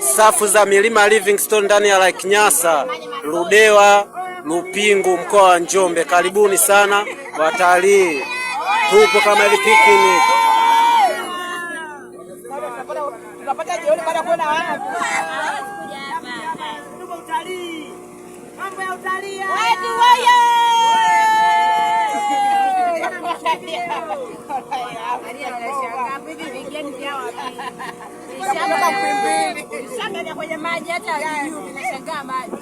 Safu za milima Livingstone ndani ya Lake Nyasa, Ludewa, Lupingu, mkoa wa Njombe. Karibuni sana watalii, tupo kama hivi picnic mambo ya utalii Shangaa kwenye maji hata nashangaa maji